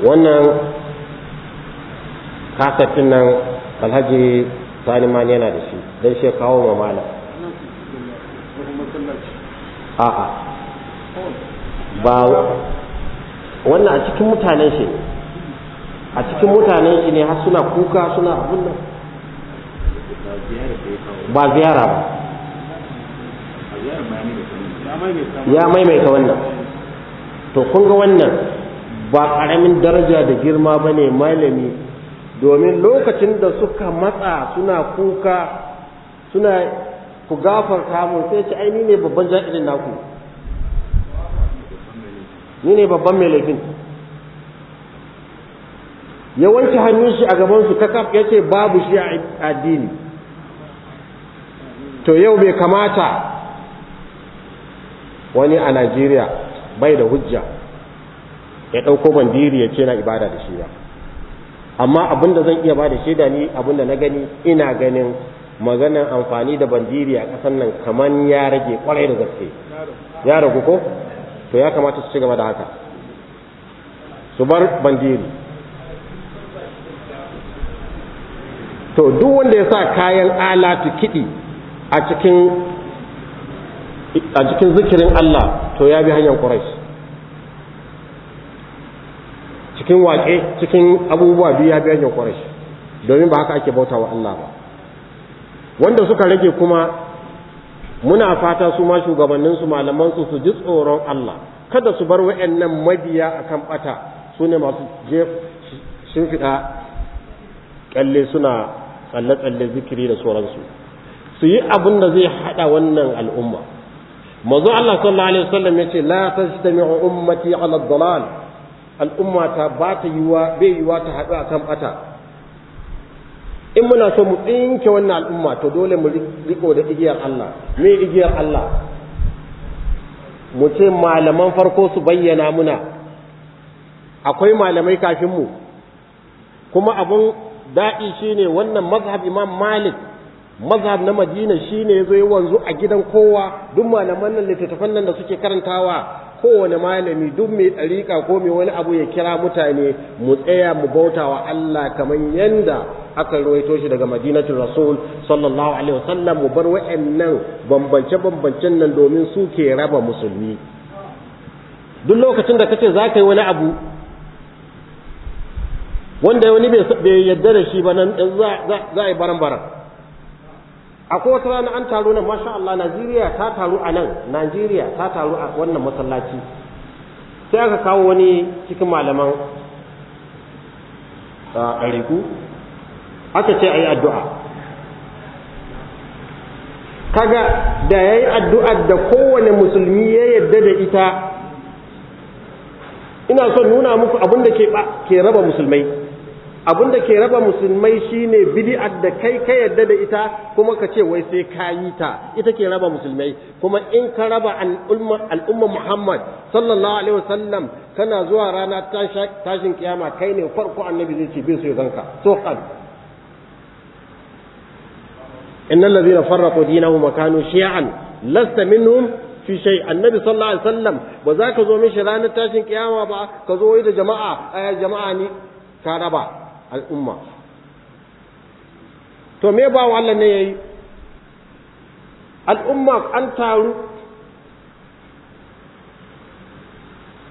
wannan kasatin nan alhaji sani ma yana da shi dan shi kawo ma malam a'a ba wannan a cikin mutanen shi ne a cikin mutanen shi ne har suna kuka suna abun nan ba ziyara ba ya maimaita wannan to kun ga wannan ba ƙaramin daraja da girma ba ne malami domin lokacin da suka matsa suna kuka suna ku gafarta mun sai ce ai ni ne babban ja'irin naku ni ne babban mai laifin ya wanke hannun shi a gaban su kakaf ya ce babu shi a addini to yau bai kamata wani a najeriya bai da hujja ya ɗauko bandiri ya ce na ibada da shi ba amma abin da zan iya ba da shaida ni abin da na gani ina ganin maganan amfani da bandiri a kasan nan kaman ya rage kwarai da gaske ya ragu ko to ya kamata su ci gaba da haka su bar bandiri to duk wanda ya sa kayan alatu kiɗi a cikin a cikin zikirin Allah to ya bi hanyar Quraysh cikin waƙe cikin abubuwa biyu ya biya kwarai domin ba haka ake bauta wa Allah ba wanda suka rage kuma muna fata su ma shugabannin su malaman su ji tsoron Allah kada su bar wayannan mabiya akan ɓata, su ne masu je fiɗa ƙyalle suna tsalle-tsalle zikiri da sauransu su yi abin da zai haɗa wannan al'umma manzo Allah sallallahu alaihi wasallam ce la tajtami'u ummati 'ala ad-dalal al'umma ta ba ta yiwa bai yiwa ta haɗu a kan bata in muna so mu ɗinke wannan al'umma to dole mu riko da igiyar Allah me igiyar Allah mu ce malaman farko su bayyana muna akwai malamai kafin mu kuma abun daɗi shine wannan mazhab imam malik mazhab na madina shine yazo ya wanzu a gidan kowa duk malaman nan littattafan nan da suke karantawa kowane malami duk mai ɗariƙa ko mai wani abu ya kira mutane mu tsaya mu bauta wa Allah kamar yanda aka ruwaito shi daga madinatul rasul sallallahu alaihi wasallam mu bar wa'annan bambance bambancen nan domin su ke raba musulmi duk lokacin da kace za ka yi wani abu wanda wani bai yadda da shi ba nan za a yi baran baran akwai wata rana an taro nan masha Allah Najeriya ta taru a nan Najeriya ta taru a wannan masallaci sai aka kawo wani cikin malaman ɗariku aka ce a yi addu'a kaga da ya yi addu'ar da kowane musulmi ya yarda da ita ina son nuna muku abin da ke raba musulmai abin da ke raba musulmai shine bid'ar da kai ka yadda da ita kuma ka ce wai sai ka yi ta ita ke raba musulmai kuma in ka raba al'umma Muhammad sallallahu alaihi wasallam kana zuwa rana tashin kiyama kai ne farko annabi zai ce bin su zanka sohan innal ladhina farraqu dinahum wa kanu shi'an lasta minhum fi shay annabi sallallahu alaihi wasallam ba za ka zo mishi ranar tashin kiyama ba ka zo da jama'a jama'a ni ka raba al'umma to me ba wa Allah ne yayi al'umma an taru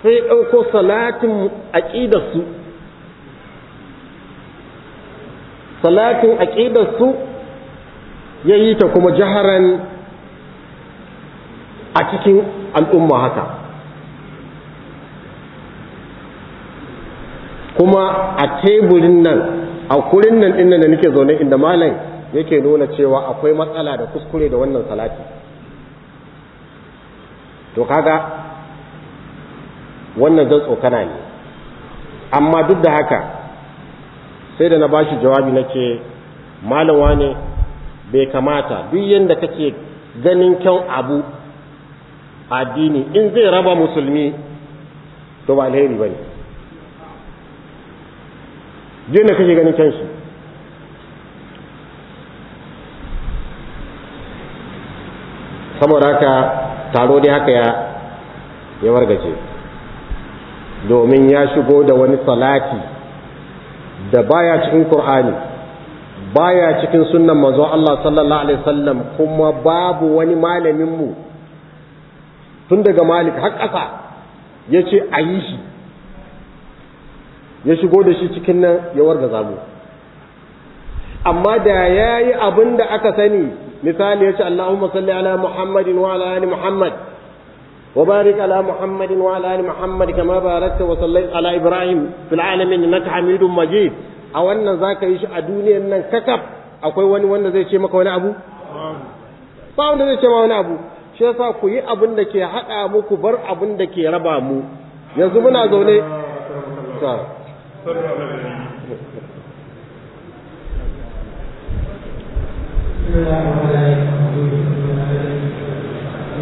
sai ɗauko salatin aƙidarsu salatin aƙidarsu ya yi ta kuma jaharan a cikin al'umma haka kuma a teburin nan a kurin nan inda da nake zaune inda malam yake nuna cewa akwai matsala da kuskure da wannan salati to kaga wannan zan tsokana ne amma duk da haka sai da na ba shi jawabi na nake malawa ne bai kamata duk yadda kake ganin kyan abu addini in zai raba musulmi to ba alheri ba ne. je na kake ganin kyanshi shi saboda haka taro dai haka ya ya wargaje domin ya shigo da wani salati da baya cikin qur'ani baya cikin sunnan manzo Allah sallallahu alaihi wasallam kuma babu wani malamin mu tun daga malik har ƙasa ce a yi shi ya shigo da shi cikin nan ya warga zamu amma da ya yi abin da aka sani misali ya ce Allahumma salli ala Muhammadin wa ala ali Muhammad wa barik ala Muhammadin wa ala ali Muhammad kama barakta wa sallai ala Ibrahim fil alamin innaka Hamidum Majid a wannan zaka yi shi a duniyar nan kakaf akwai wani wanda zai ce maka wani abu ba wanda zai ce ma wani abu shi yasa ku yi abin da ke haɗa muku bar abin da ke raba mu yanzu muna zaune يا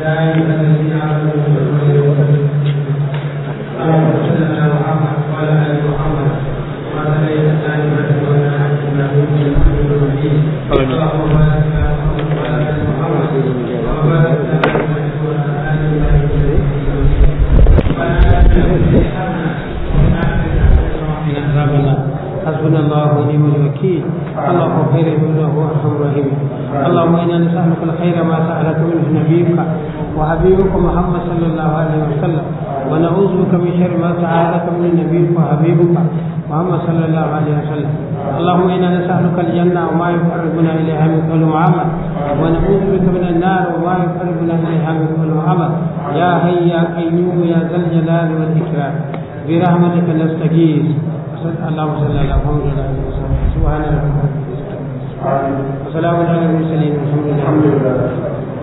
أيها الذين آمنوا المسكين اللهم خير منا وارحم ارحم اللهم انا نسالك الخير ما سالك منه نبيك وحبيبك محمد صلى الله عليه وسلم ونعوذ بك من شر ما سالك من نبيك وحبيبك محمد صلى الله عليه وسلم اللهم انا نسالك الجنه وما يقربنا اليها من قول وعمل ونعوذ بك من النار وما يقربنا اليها من قول وعمل يا حي يا قيوم يا ذا الجلال والاكرام برحمتك نستغيث اللهم صل على محمد وعلى اله وصحبه سبحان ربك رب العزه عما يصفون وسلام على المرسلين والحمد لله